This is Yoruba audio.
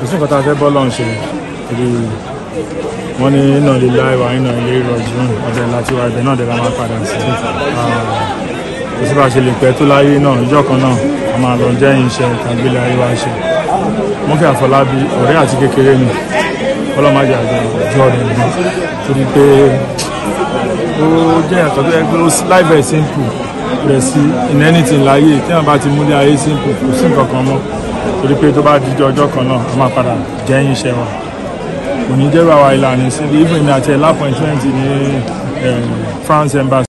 kò sí nǹkan tá a fẹ́ bọ́ lọ́hùn ṣe torí wọ́n ní iná lílá ìwà iná ilé ìrọ̀jú ọ̀dẹ̀ láti wá ibẹ̀ náà dẹ̀ la máa padà sí kò sí bá a ṣe lè pẹ́ tó láyé náà ìjọ kan náà a máa lọ jẹ́ iṣẹ́ tàbílẹ̀ ayé wa ṣe Murphy Àfọlábí ọ̀rẹ́ àti kékeré mi ọlọ́mọdé àgbà ọjọ́ rẹ̀ mi torí pé ó jẹ́ ẹ̀tọ́ tó yẹ pé life is simple rẹ̀ sí in anything láyé tí wọ́n bá ti múlé ayé simple kò sí nǹkan kan mọ́ torí pé tó bá dijọ́ ọjọ́ kan náà a máa padà jẹ́yìn iṣẹ́ wa kò ní jẹ́rù àwa ìlànà síbi ìfún ìmì àti ẹ̀lá appointment ní eh, France embassy.